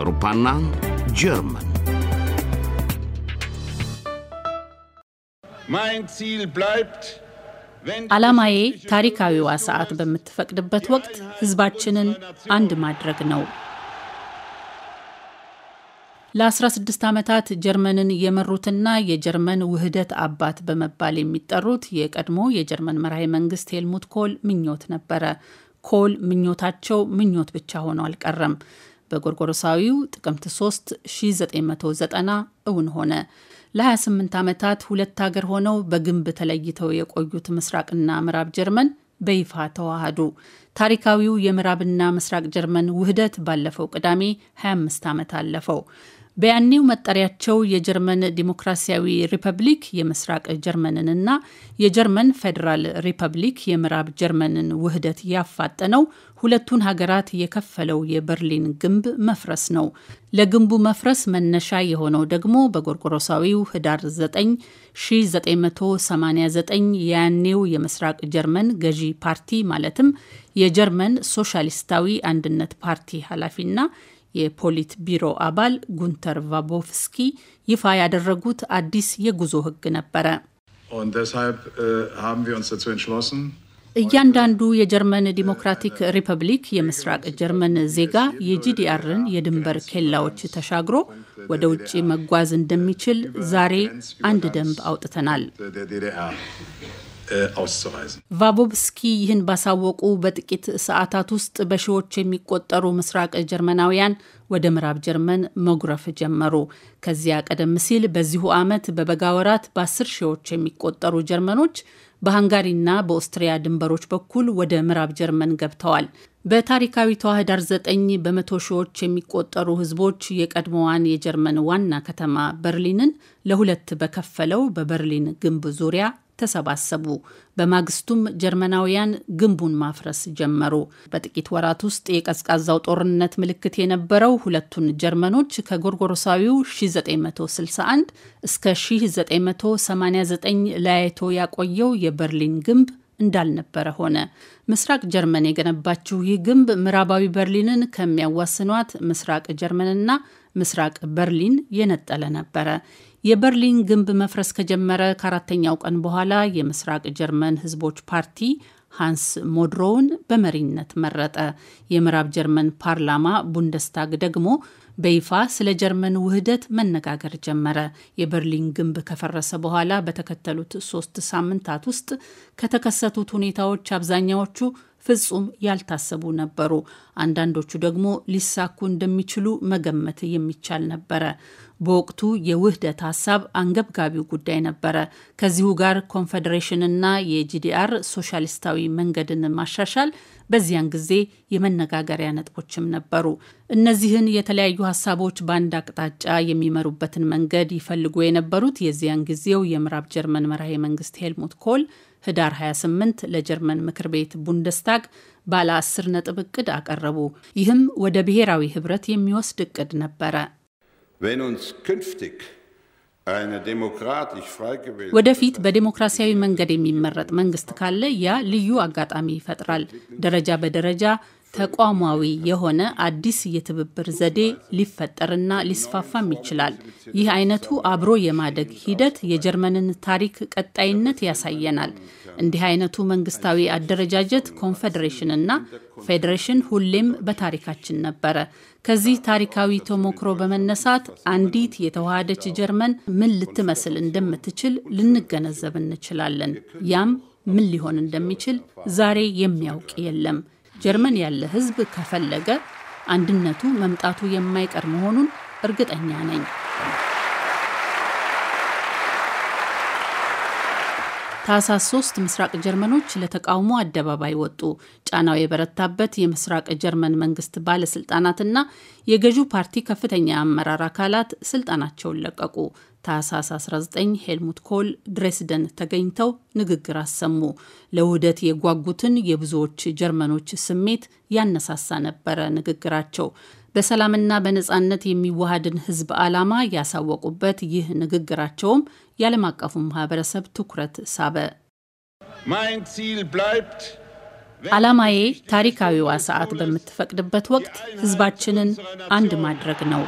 አውሮፓና ጀርመን ዓላማዬ ታሪካዊዋ ሰዓት በምትፈቅድበት ወቅት ሕዝባችንን አንድ ማድረግ ነው። ለ16 ዓመታት ጀርመንን የመሩትና የጀርመን ውህደት አባት በመባል የሚጠሩት የቀድሞ የጀርመን መራሄ መንግስት ሄልሙት ኮል ምኞት ነበረ። ኮል ምኞታቸው ምኞት ብቻ ሆኖ አልቀረም። በጎርጎሮሳዊው ጥቅምት 3 1990 እውን ሆነ። ለ28 ዓመታት ሁለት ሀገር ሆነው በግንብ ተለይተው የቆዩት ምስራቅና ምዕራብ ጀርመን በይፋ ተዋሃዱ። ታሪካዊው የምዕራብና ምስራቅ ጀርመን ውህደት ባለፈው ቅዳሜ 25 ዓመት አለፈው። በያኔው መጠሪያቸው የጀርመን ዲሞክራሲያዊ ሪፐብሊክ የምስራቅ ጀርመንንና የጀርመን ፌዴራል ሪፐብሊክ የምዕራብ ጀርመንን ውህደት ያፋጠነው ሁለቱን ሀገራት የከፈለው የበርሊን ግንብ መፍረስ ነው። ለግንቡ መፍረስ መነሻ የሆነው ደግሞ በጎርጎሮሳዊው ህዳር 9 1989 የያኔው የምስራቅ ጀርመን ገዢ ፓርቲ ማለትም የጀርመን ሶሻሊስታዊ አንድነት ፓርቲ ኃላፊና የፖሊት ቢሮ አባል ጉንተር ቫቦፍስኪ ይፋ ያደረጉት አዲስ የጉዞ ህግ ነበረ። äh, እያንዳንዱ የጀርመን ዲሞክራቲክ ሪፐብሊክ የምስራቅ ጀርመን ዜጋ የጂዲአርን የድንበር ኬላዎች ተሻግሮ ወደ ውጭ መጓዝ እንደሚችል ዛሬ አንድ ደንብ አውጥተናል። ቫቦብስኪ ይህን ባሳወቁ በጥቂት ሰዓታት ውስጥ በሺዎች የሚቆጠሩ ምስራቅ ጀርመናውያን ወደ ምዕራብ ጀርመን መጉረፍ ጀመሩ። ከዚያ ቀደም ሲል በዚሁ ዓመት በበጋ ወራት በአስር ሺዎች የሚቆጠሩ ጀርመኖች በሃንጋሪና በኦስትሪያ ድንበሮች በኩል ወደ ምዕራብ ጀርመን ገብተዋል። በታሪካዊቷ ህዳር 9 በመቶ ሺዎች የሚቆጠሩ ህዝቦች የቀድሞዋን የጀርመን ዋና ከተማ በርሊንን ለሁለት በከፈለው በበርሊን ግንብ ዙሪያ ተሰባሰቡ። በማግስቱም ጀርመናውያን ግንቡን ማፍረስ ጀመሩ። በጥቂት ወራት ውስጥ የቀዝቃዛው ጦርነት ምልክት የነበረው ሁለቱን ጀርመኖች ከጎርጎሮሳዊው 1961 እስከ 1989 ለያይቶ ያቆየው የበርሊን ግንብ እንዳልነበረ ሆነ። ምስራቅ ጀርመን የገነባችው ይህ ግንብ ምዕራባዊ በርሊንን ከሚያዋስኗት ምስራቅ ጀርመንና ምስራቅ በርሊን የነጠለ ነበረ። የበርሊን ግንብ መፍረስ ከጀመረ ከአራተኛው ቀን በኋላ የምስራቅ ጀርመን ህዝቦች ፓርቲ ሃንስ ሞድሮውን በመሪነት መረጠ። የምዕራብ ጀርመን ፓርላማ ቡንደስታግ ደግሞ በይፋ ስለ ጀርመን ውህደት መነጋገር ጀመረ። የበርሊን ግንብ ከፈረሰ በኋላ በተከተሉት ሶስት ሳምንታት ውስጥ ከተከሰቱት ሁኔታዎች አብዛኛዎቹ ፍጹም ያልታሰቡ ነበሩ። አንዳንዶቹ ደግሞ ሊሳኩ እንደሚችሉ መገመት የሚቻል ነበረ። በወቅቱ የውህደት ሀሳብ አንገብጋቢው ጉዳይ ነበረ። ከዚሁ ጋር ኮንፌዴሬሽንና የጂዲአር ሶሻሊስታዊ መንገድን ማሻሻል በዚያን ጊዜ የመነጋገሪያ ነጥቦችም ነበሩ። እነዚህን የተለያዩ ሀሳቦች በአንድ አቅጣጫ የሚመሩበትን መንገድ ይፈልጉ የነበሩት የዚያን ጊዜው የምዕራብ ጀርመን መራሄ መንግስት ሄልሙት ኮል ህዳር 28 ለጀርመን ምክር ቤት ቡንደስታግ ባለ 10 ነጥብ እቅድ አቀረቡ። ይህም ወደ ብሔራዊ ህብረት የሚወስድ እቅድ ነበረ። ወደፊት በዴሞክራሲያዊ መንገድ የሚመረጥ መንግስት ካለ ያ ልዩ አጋጣሚ ይፈጥራል። ደረጃ በደረጃ ተቋማዊ የሆነ አዲስ የትብብር ዘዴ ሊፈጠርና ሊስፋፋም ይችላል። ይህ አይነቱ አብሮ የማደግ ሂደት የጀርመንን ታሪክ ቀጣይነት ያሳየናል። እንዲህ አይነቱ መንግስታዊ አደረጃጀት ኮንፌዴሬሽን እና ፌዴሬሽን ሁሌም በታሪካችን ነበረ። ከዚህ ታሪካዊ ተሞክሮ በመነሳት አንዲት የተዋሃደች ጀርመን ምን ልትመስል እንደምትችል ልንገነዘብ እንችላለን። ያም ምን ሊሆን እንደሚችል ዛሬ የሚያውቅ የለም። ጀርመን ያለ ህዝብ ከፈለገ አንድነቱ መምጣቱ የማይቀር መሆኑን እርግጠኛ ነኝ። ታህሳስ ሶስት ምስራቅ ጀርመኖች ለተቃውሞ አደባባይ ወጡ። ጫናው የበረታበት የምስራቅ ጀርመን መንግስት ባለስልጣናትና የገዢው ፓርቲ ከፍተኛ የአመራር አካላት ስልጣናቸውን ለቀቁ። ታህሳስ 19 ሄልሙት ኮል ድሬስደን ተገኝተው ንግግር አሰሙ። ለውህደት የጓጉትን የብዙዎች ጀርመኖች ስሜት ያነሳሳ ነበረ ንግግራቸው። በሰላምና በነጻነት የሚዋሃድን ህዝብ ዓላማ ያሳወቁበት ይህ ንግግራቸውም የዓለም አቀፉ ማህበረሰብ ትኩረት ሳበ። ዓላማዬ ታሪካዊዋ ሰዓት በምትፈቅድበት ወቅት ህዝባችንን አንድ ማድረግ ነው።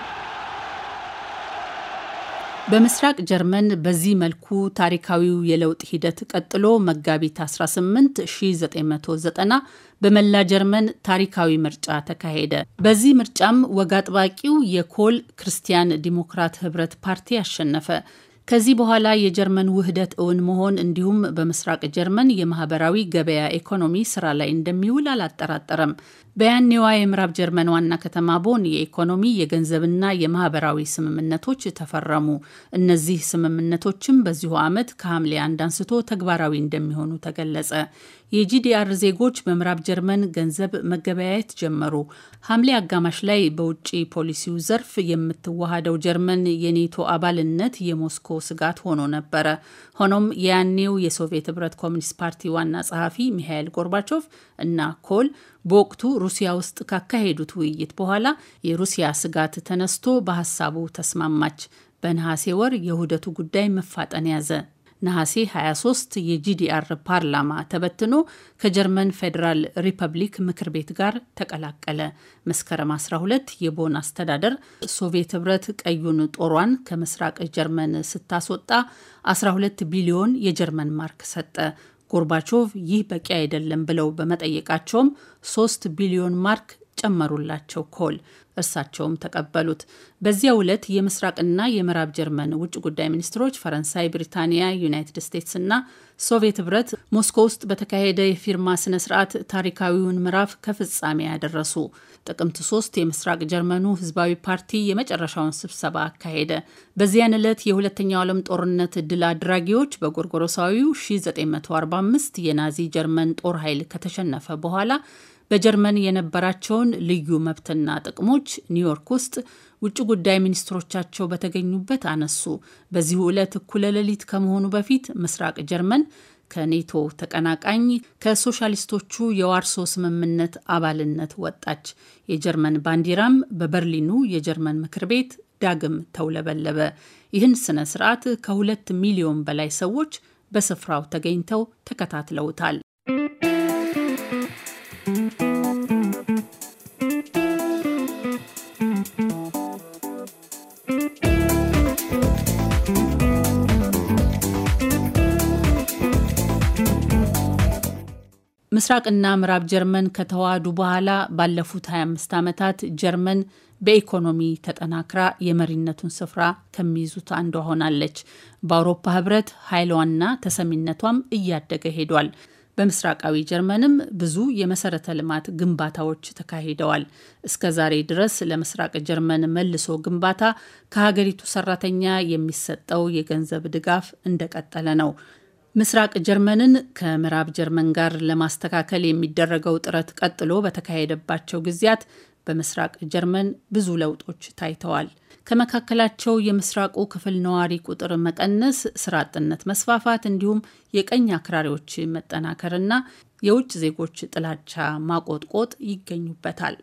በምስራቅ ጀርመን በዚህ መልኩ ታሪካዊው የለውጥ ሂደት ቀጥሎ መጋቢት 18 1990 በመላ ጀርመን ታሪካዊ ምርጫ ተካሄደ። በዚህ ምርጫም ወግ አጥባቂው የኮል ክርስቲያን ዲሞክራት ህብረት ፓርቲ አሸነፈ። ከዚህ በኋላ የጀርመን ውህደት እውን መሆን እንዲሁም በምስራቅ ጀርመን የማህበራዊ ገበያ ኢኮኖሚ ስራ ላይ እንደሚውል አላጠራጠረም። በያኔዋ የምዕራብ ጀርመን ዋና ከተማ ቦን የኢኮኖሚ የገንዘብና የማህበራዊ ስምምነቶች ተፈረሙ። እነዚህ ስምምነቶችም በዚሁ ዓመት ከሐምሌ አንድ አንስቶ ተግባራዊ እንደሚሆኑ ተገለጸ። የጂዲአር ዜጎች በምዕራብ ጀርመን ገንዘብ መገበያየት ጀመሩ። ሐምሌ አጋማሽ ላይ በውጭ ፖሊሲው ዘርፍ የምትዋሃደው ጀርመን የኔቶ አባልነት የሞስኮ ስጋት ሆኖ ነበረ። ሆኖም የያኔው የሶቪየት ህብረት ኮሚኒስት ፓርቲ ዋና ጸሐፊ ሚሃኤል ጎርባቾቭ እና ኮል በወቅቱ ሩሲያ ውስጥ ካካሄዱት ውይይት በኋላ የሩሲያ ስጋት ተነስቶ በሀሳቡ ተስማማች። በነሐሴ ወር የውህደቱ ጉዳይ መፋጠን ያዘ። ነሐሴ 23 የጂዲአር ፓርላማ ተበትኖ ከጀርመን ፌዴራል ሪፐብሊክ ምክር ቤት ጋር ተቀላቀለ። መስከረም 12 የቦን አስተዳደር ሶቪየት ህብረት ቀዩን ጦሯን ከምስራቅ ጀርመን ስታስወጣ 12 ቢሊዮን የጀርመን ማርክ ሰጠ። ጎርባቾቭ ይህ በቂ አይደለም ብለው በመጠየቃቸውም ሶስት ቢሊዮን ማርክ ጨመሩላቸው ኮል። እርሳቸውም ተቀበሉት። በዚያ ዕለት የምስራቅና የምዕራብ ጀርመን ውጭ ጉዳይ ሚኒስትሮች ፈረንሳይ፣ ብሪታንያ፣ ዩናይትድ ስቴትስ እና ሶቪየት ህብረት ሞስኮ ውስጥ በተካሄደ የፊርማ ስነ ስርዓት ታሪካዊውን ምዕራፍ ከፍጻሜ ያደረሱ። ጥቅምት ሶስት የምስራቅ ጀርመኑ ህዝባዊ ፓርቲ የመጨረሻውን ስብሰባ አካሄደ። በዚያን ዕለት የሁለተኛው ዓለም ጦርነት ድል አድራጊዎች በጎርጎሮሳዊው 1945 የናዚ ጀርመን ጦር ኃይል ከተሸነፈ በኋላ በጀርመን የነበራቸውን ልዩ መብትና ጥቅሞች ኒውዮርክ ውስጥ ውጭ ጉዳይ ሚኒስትሮቻቸው በተገኙበት አነሱ። በዚሁ ዕለት እኩለ ሌሊት ከመሆኑ በፊት ምስራቅ ጀርመን ከኔቶ ተቀናቃኝ ከሶሻሊስቶቹ የዋርሶ ስምምነት አባልነት ወጣች። የጀርመን ባንዲራም በበርሊኑ የጀርመን ምክር ቤት ዳግም ተውለበለበ። ይህን ስነ ስርዓት ከሁለት ሚሊዮን በላይ ሰዎች በስፍራው ተገኝተው ተከታትለውታል። ምስራቅና ምዕራብ ጀርመን ከተዋሃዱ በኋላ ባለፉት 25 ዓመታት ጀርመን በኢኮኖሚ ተጠናክራ የመሪነቱን ስፍራ ከሚይዙት አንዷ ሆናለች። በአውሮፓ ህብረት ኃይሏና ተሰሚነቷም እያደገ ሄዷል። በምስራቃዊ ጀርመንም ብዙ የመሰረተ ልማት ግንባታዎች ተካሂደዋል። እስከ ዛሬ ድረስ ለምስራቅ ጀርመን መልሶ ግንባታ ከሀገሪቱ ሰራተኛ የሚሰጠው የገንዘብ ድጋፍ እንደቀጠለ ነው። ምስራቅ ጀርመንን ከምዕራብ ጀርመን ጋር ለማስተካከል የሚደረገው ጥረት ቀጥሎ በተካሄደባቸው ጊዜያት በምስራቅ ጀርመን ብዙ ለውጦች ታይተዋል። ከመካከላቸው የምስራቁ ክፍል ነዋሪ ቁጥር መቀነስ፣ ስራ አጥነት መስፋፋት እንዲሁም የቀኝ አክራሪዎች መጠናከርና የውጭ ዜጎች ጥላቻ ማቆጥቆጥ ይገኙበታል።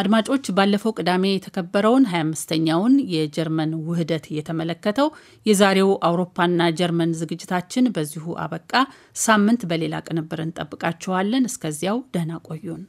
አድማጮች ባለፈው ቅዳሜ የተከበረውን 25ኛውን የጀርመን ውህደት የተመለከተው የዛሬው አውሮፓና ጀርመን ዝግጅታችን በዚሁ አበቃ። ሳምንት በሌላ ቅንብር እንጠብቃችኋለን። እስከዚያው ደህና ቆዩን።